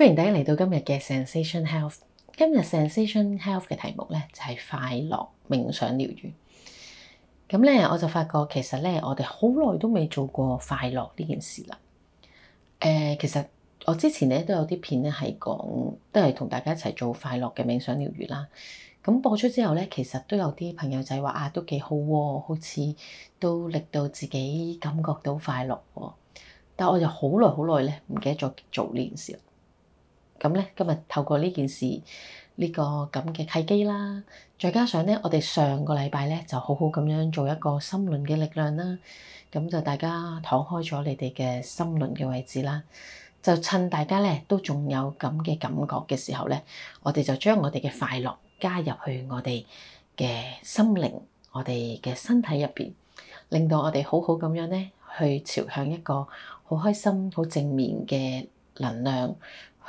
歡迎大家嚟到今日嘅 Sensation Health。今日 Sensation Health 嘅題目咧就係、是、快樂冥想療愈。咁咧我就發覺其實咧，我哋好耐都未做過快樂呢件事啦。誒、呃，其實我之前咧都有啲片咧係講，都係同大家一齊做快樂嘅冥想療愈啦。咁播出之後咧，其實都有啲朋友仔係話啊，都幾好、啊，好似都令到自己感覺到快樂、啊。但係我就好耐好耐咧，唔記得咗做呢件事。咁咧，今日透過呢件事，呢個咁嘅契機啦，再加上咧，我哋上個禮拜咧就好好咁樣做一個心輪嘅力量啦，咁就大家敞開咗你哋嘅心輪嘅位置啦，就趁大家咧都仲有咁嘅感覺嘅時候咧，我哋就將我哋嘅快樂加入去我哋嘅心靈、我哋嘅身體入邊，令到我哋好好咁樣咧去朝向一個好開心、好正面嘅能量，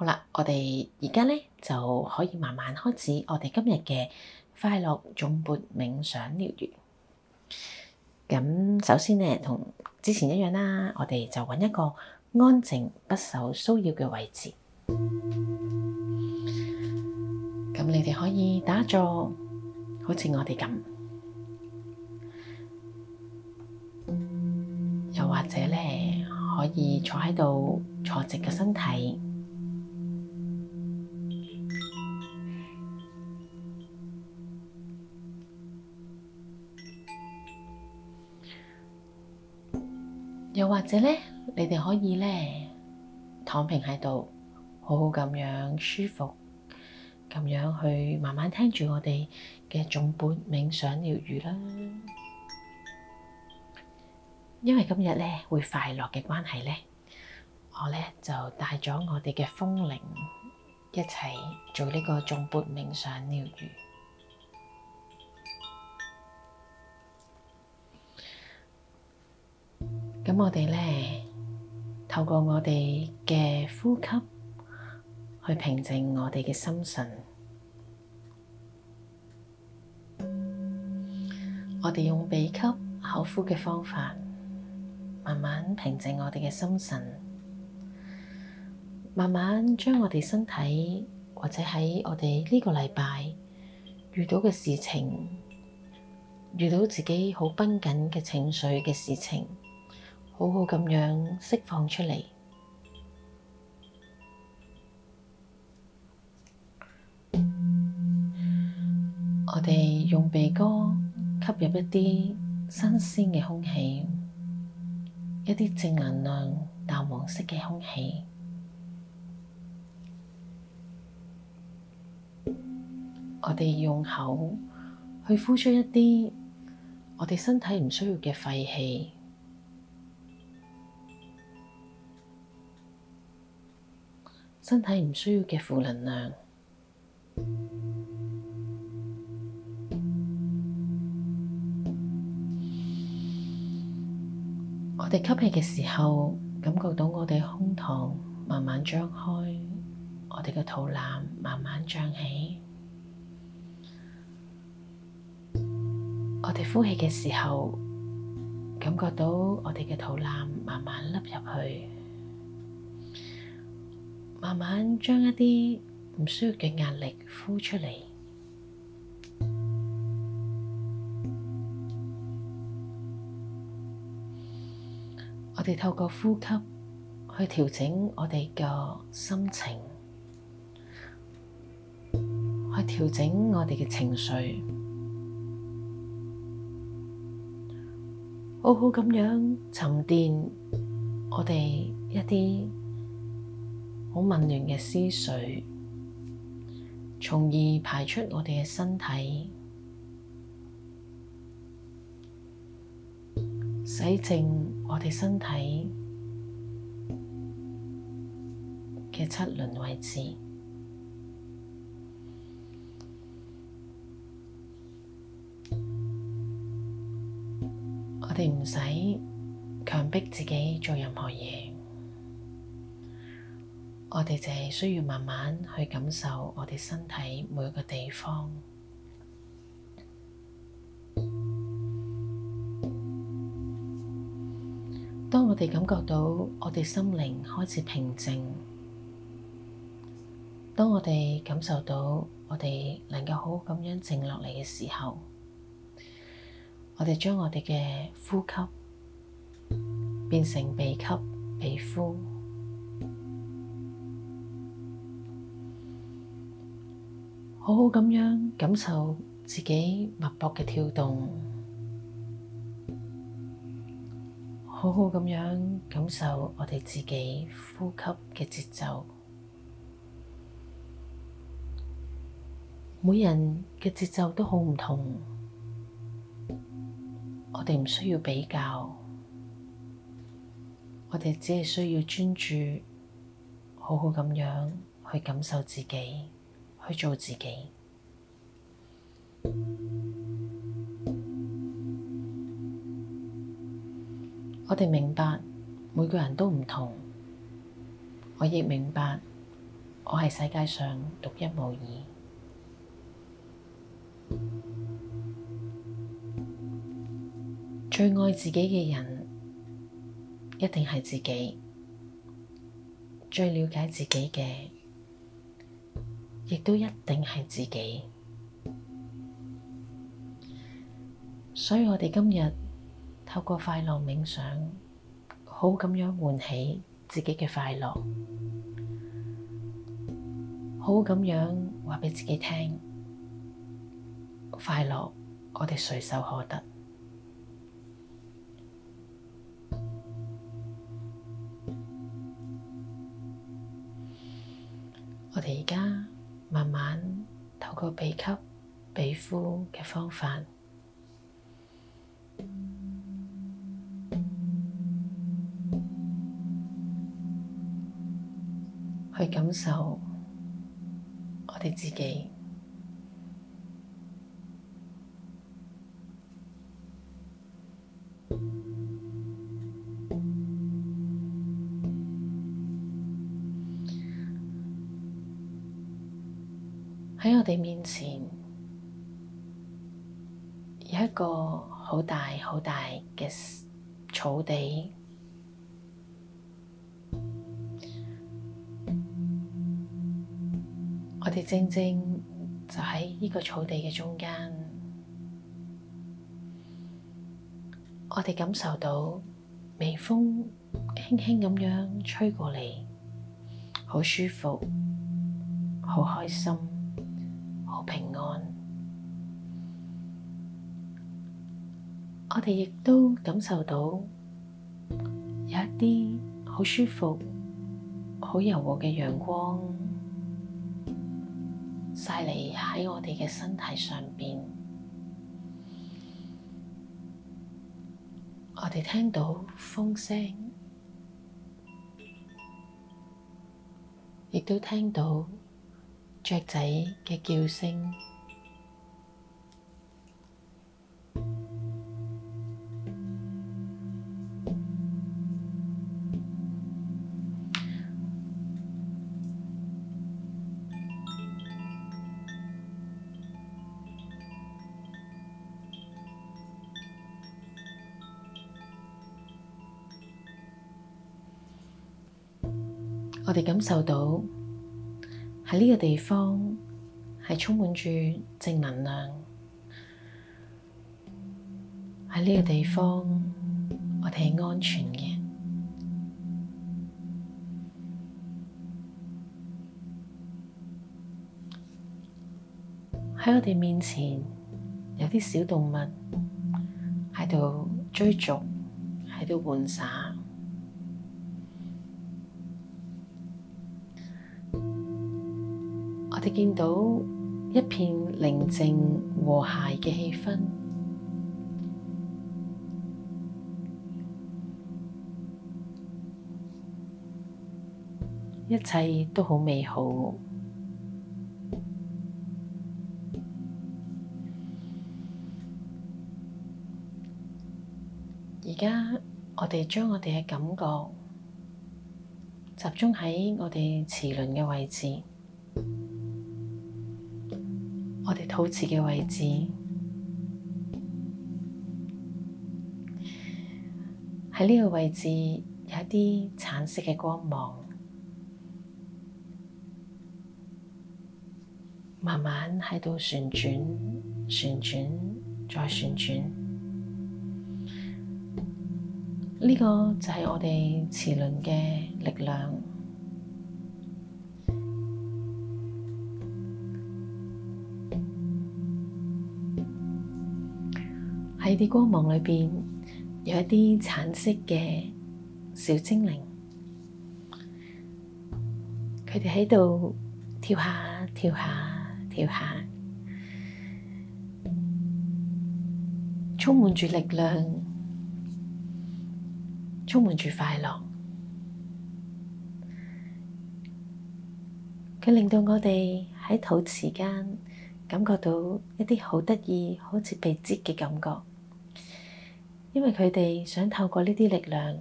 好啦，我哋而家咧就可以慢慢開始我哋今日嘅快樂頌缽冥想療愈。咁首先咧，同之前一樣啦，我哋就揾一個安靜不受騷擾嘅位置。咁你哋可以打坐，好似我哋咁，又或者咧可以坐喺度坐直嘅身體。又或者咧，你哋可以咧躺平喺度，好好咁樣舒服，咁樣去慢慢聽住我哋嘅頌缽冥想療癒啦。因為今日咧會快樂嘅關係咧，我咧就帶咗我哋嘅風鈴一齊做呢個頌缽冥想療癒。咁我哋咧，透過我哋嘅呼吸去平靜我哋嘅心神。我哋用鼻吸口呼嘅方法，慢慢平靜我哋嘅心神，慢慢將我哋身體或者喺我哋呢個禮拜遇到嘅事情，遇到自己好繃緊嘅情緒嘅事情。好好咁樣釋放出嚟。我哋用鼻哥吸入一啲新鮮嘅空氣，一啲正能量淡黃色嘅空氣。我哋用口去呼出一啲我哋身體唔需要嘅廢氣。身體唔需要嘅負能量。我哋吸氣嘅時候，感覺到我哋胸膛慢慢張開，我哋嘅肚腩慢慢脹起。我哋呼氣嘅時候，感覺到我哋嘅肚腩慢慢凹入去。慢慢將一啲唔需要嘅壓力呼出嚟。我哋透過呼吸去調整我哋嘅心情，去調整我哋嘅情緒，好好咁樣沉澱我哋一啲好紊亂嘅思緒，從而排出我哋嘅身體，洗淨我哋身體嘅七輪位置。我哋唔使強迫自己做任何嘢。我哋就係需要慢慢去感受我哋身體每一個地方。當我哋感覺到我哋心靈開始平靜，當我哋感受到我哋能夠好好咁樣靜落嚟嘅時候，我哋將我哋嘅呼吸變成鼻吸、鼻呼。好好咁樣感受自己脈搏嘅跳動，好好咁樣感受我哋自己呼吸嘅節奏。每人嘅節奏都好唔同，我哋唔需要比較，我哋只係需要專注，好好咁樣去感受自己。去做自己。我哋明白每個人都唔同，我亦明白我係世界上獨一無二。最愛自己嘅人，一定係自己，最了解自己嘅。亦都一定係自己，所以我哋今日透過快樂冥想，好咁樣喚起自己嘅快樂，好咁樣話畀自己聽，快樂我哋隨手可得，我哋而家。慢慢透過鼻吸鼻呼嘅方法，去感受我哋自己。我哋面前有一個好大好大嘅草地，我哋正正就喺呢個草地嘅中間，我哋感受到微風輕輕咁樣吹過嚟，好舒服，好開心。平安，我哋亦都感受到有一啲好舒服、好柔和嘅陽光曬嚟，喺我哋嘅身體上面，我哋聽到風聲，亦都聽到。雀仔嘅叫聲，我哋感受到。喺呢個地方，係充滿住正能量。喺呢個地方，我哋係安全嘅。喺我哋面前，有啲小動物喺度追逐，喺度玩耍。見到一片寧靜和諧嘅氣氛，一切都好美好。而家我哋將我哋嘅感覺集中喺我哋臍輪嘅位置。我哋肚臍嘅位置，喺呢個位置有一啲橙色嘅光芒，慢慢喺度旋轉、旋轉、再旋轉。呢、這個就係我哋臍輪嘅力量。喺啲光芒裏面，有一啲橙色嘅小精靈，佢哋喺度跳下跳下跳下，充滿住力量，充滿住快樂，佢令到我哋喺肚臍間感覺到一啲好得意，好似被擠嘅感覺。因為佢哋想透過呢啲力量，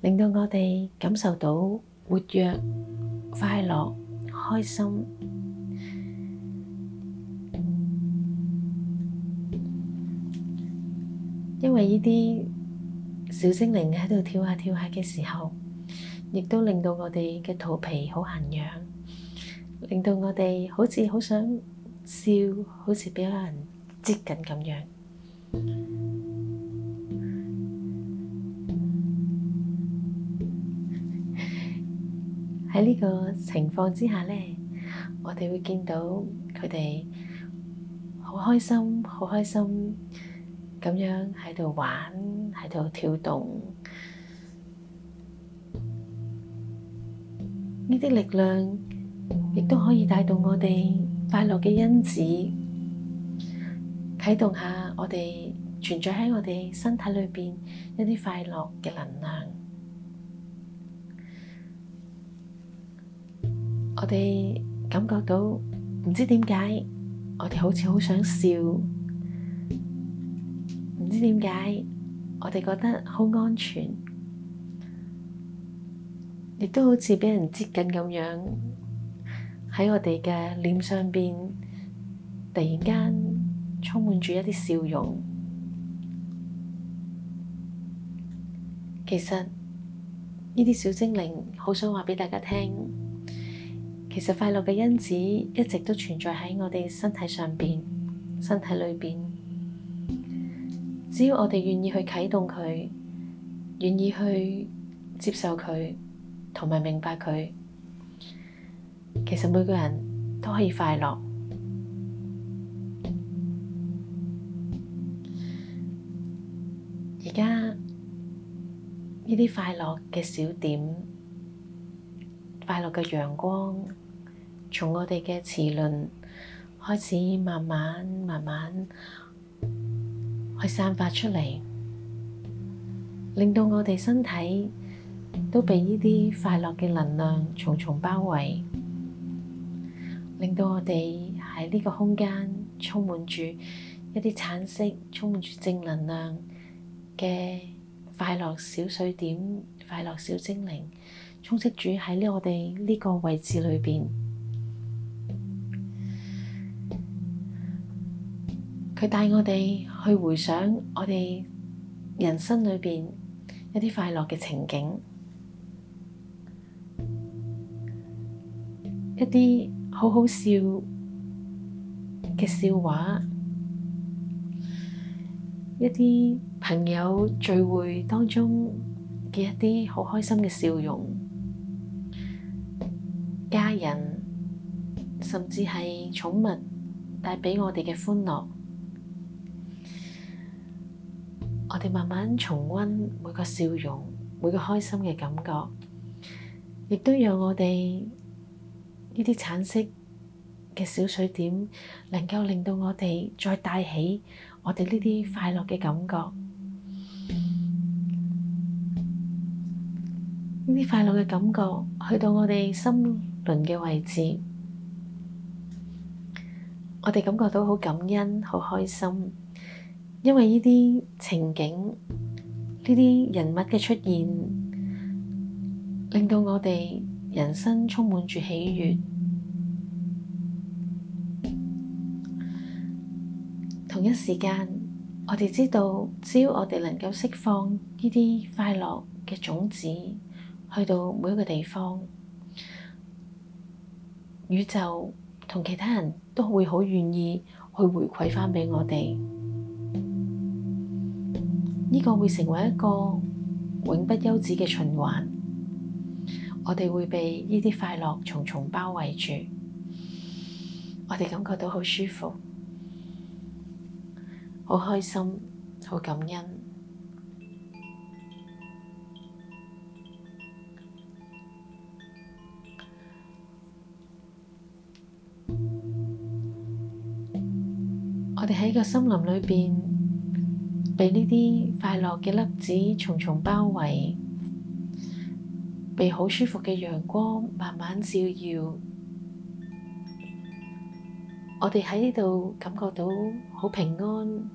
令到我哋感受到活躍、快樂、開心。因為呢啲小精靈喺度跳下跳下嘅時候，亦都令到我哋嘅肚皮好痕癢，令到我哋好似好想笑，好似俾人擠緊咁樣。喺呢個情況之下呢，我哋會見到佢哋好開心、好開心咁樣喺度玩、喺度跳動。呢啲力量亦都可以帶動我哋快樂嘅因子，啟動下我哋存在喺我哋身體裏面一啲快樂嘅能量。我哋感覺到唔知點解，我哋好似好想笑，唔知點解，我哋覺得好安全，亦都好似畀人接近咁樣喺我哋嘅臉上邊，突然間充滿住一啲笑容。其實呢啲小精靈好想話畀大家聽。其實快樂嘅因子一直都存在喺我哋身體上邊、身體裏邊。只要我哋願意去啟動佢，願意去接受佢，同埋明白佢，其實每個人都可以快樂。而家呢啲快樂嘅小點、快樂嘅陽光，從我哋嘅臍輪開始，慢慢、慢慢去散發出嚟，令到我哋身體都被呢啲快樂嘅能量重重包圍，令到我哋喺呢個空間充滿住一啲橙色，充滿住正能量嘅快樂小水點、快樂小精靈充斥住喺呢我哋呢個位置裏邊。佢帶我哋去回想我哋人生裏邊一啲快樂嘅情景，一啲好好笑嘅笑話，一啲朋友聚會當中嘅一啲好開心嘅笑容，家人，甚至係寵物帶畀我哋嘅歡樂。我哋慢慢重溫每個笑容，每個開心嘅感覺，亦都讓我哋呢啲橙色嘅小水點，能夠令到我哋再帶起我哋呢啲快樂嘅感覺。呢啲快樂嘅感覺去到我哋心輪嘅位置，我哋感覺到好感恩，好開心。因為呢啲情景，呢啲人物嘅出現，令到我哋人生充滿住喜悅。同一時間，我哋知道，只要我哋能夠釋放呢啲快樂嘅種子，去到每一個地方，宇宙同其他人都會好願意去回饋返畀我哋。呢個會成為一個永不休止嘅循環，我哋會被呢啲快樂重重包圍住，我哋感覺到好舒服、好開心、好感恩。我哋喺個森林裏邊。被呢啲快樂嘅粒子重重包圍，被好舒服嘅陽光慢慢照耀，我哋喺呢度感覺到好平安、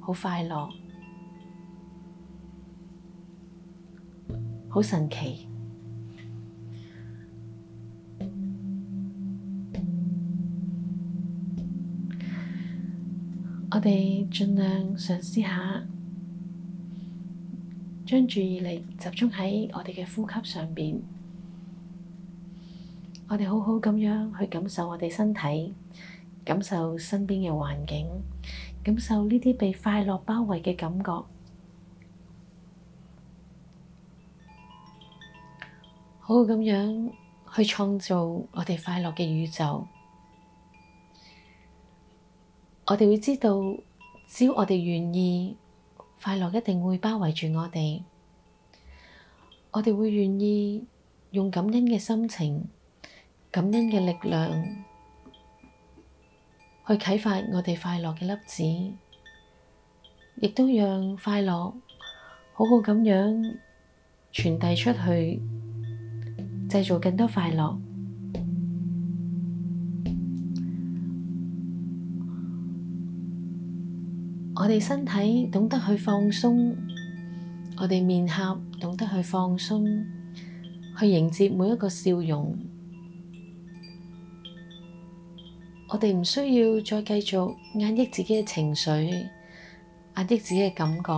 好快樂、好神奇。我哋盡量嘗試下，將注意力集中喺我哋嘅呼吸上面。我哋好好咁樣去感受我哋身體，感受身邊嘅環境，感受呢啲被快樂包圍嘅感覺。好好咁樣去創造我哋快樂嘅宇宙。我哋會知道，只要我哋願意，快樂一定會包圍住我哋。我哋會願意用感恩嘅心情、感恩嘅力量，去啟發我哋快樂嘅粒子，亦都讓快樂好好咁樣傳遞出去，製造更多快樂。我哋身體懂得去放鬆，我哋面頰懂得去放鬆，去迎接每一個笑容。我哋唔需要再繼續壓抑自己嘅情緒，壓抑自己嘅感覺。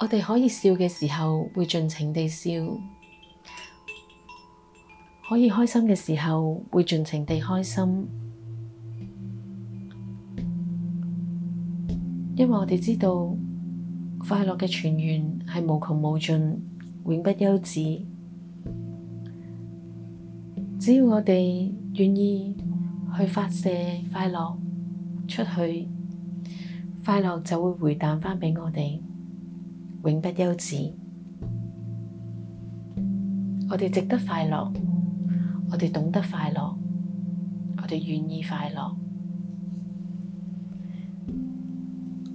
我哋可以笑嘅時候會盡情地笑，可以開心嘅時候會盡情地開心。因為我哋知道快樂嘅泉源係無窮無盡，永不休止。只要我哋願意去發射快樂出去，快樂就會回彈返俾我哋，永不休止。我哋值得快樂，我哋懂得快樂，我哋願意快樂。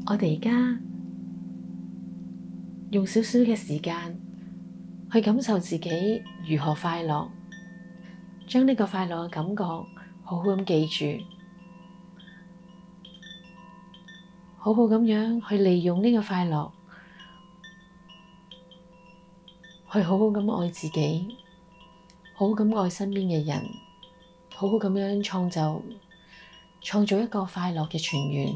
我哋而家用少少嘅時間去感受自己如何快樂，將呢個快樂嘅感覺好好咁記住，好好咁樣去利用呢個快樂，去好好咁愛自己，好好咁愛身邊嘅人，好好咁樣創造創造一個快樂嘅泉源。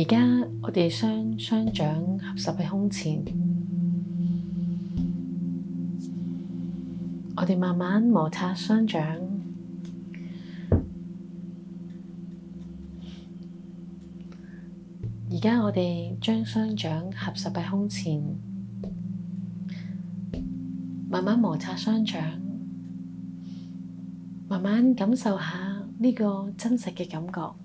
而家我哋雙雙掌合十喺胸前，我哋慢慢摩擦雙掌。而家我哋將雙掌合十喺胸前，慢慢摩擦雙掌，慢慢感受下呢個真實嘅感覺。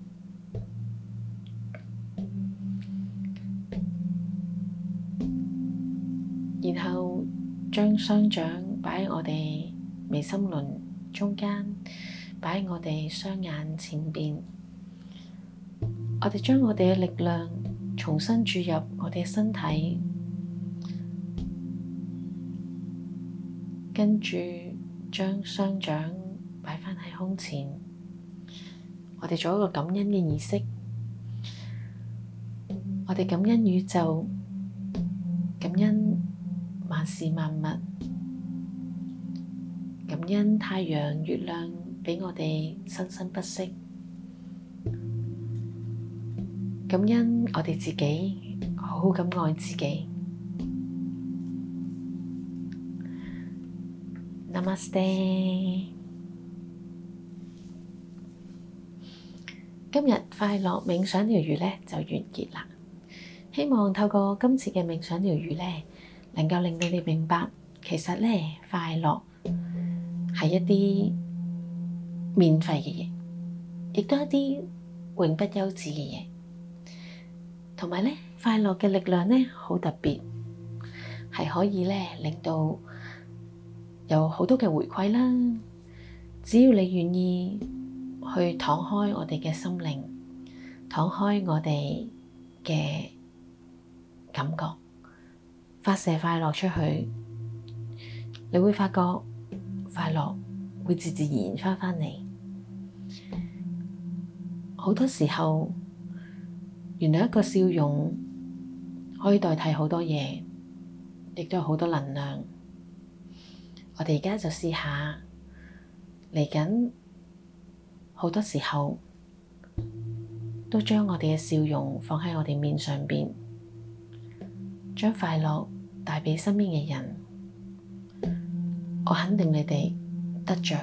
將雙掌擺喺我哋眉心輪中間，擺喺我哋雙眼前邊。我哋將我哋嘅力量重新注入我哋嘅身體，跟住將雙掌擺翻喺胸前。我哋做一個感恩嘅儀式，我哋感恩宇宙，感恩。萬事萬物，感恩太陽、月亮畀我哋生生不息，感恩我哋自己好好咁愛自己。Namaste，今日快樂冥想療癒呢就完結啦，希望透過今次嘅冥想療癒呢。能夠令你哋明白，其實咧快樂係一啲免費嘅嘢，亦都係一啲永不休止嘅嘢。同埋咧，快樂嘅力量咧好特別，係可以咧令到有好多嘅回饋啦。只要你願意去敞開我哋嘅心靈，敞開我哋嘅感覺。發射快樂出去，你會發覺快樂會自自然然翻返嚟。好多時候，原來一個笑容可以代替好多嘢，亦都有好多能量。我哋而家就試下，嚟緊，好多時候，都將我哋嘅笑容放喺我哋面上面，將快樂，帶畀身邊嘅人，我肯定你哋得着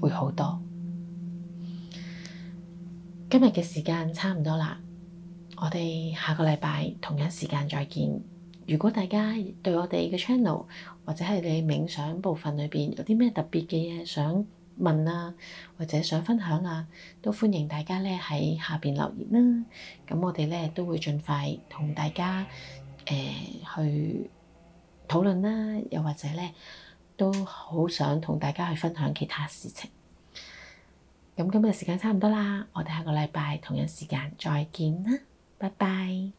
會好多。今日嘅時間差唔多啦，我哋下個禮拜同一時間再見。如果大家對我哋嘅 channel 或者係你冥想部分裏邊有啲咩特別嘅嘢想問啊，或者想分享啊，都歡迎大家咧喺下邊留言啦。咁我哋咧都會盡快同大家。誒去討論啦，又或者呢，都好想同大家去分享其他事情。咁今日時間差唔多啦，我哋下個禮拜同樣時間再見啦，拜拜。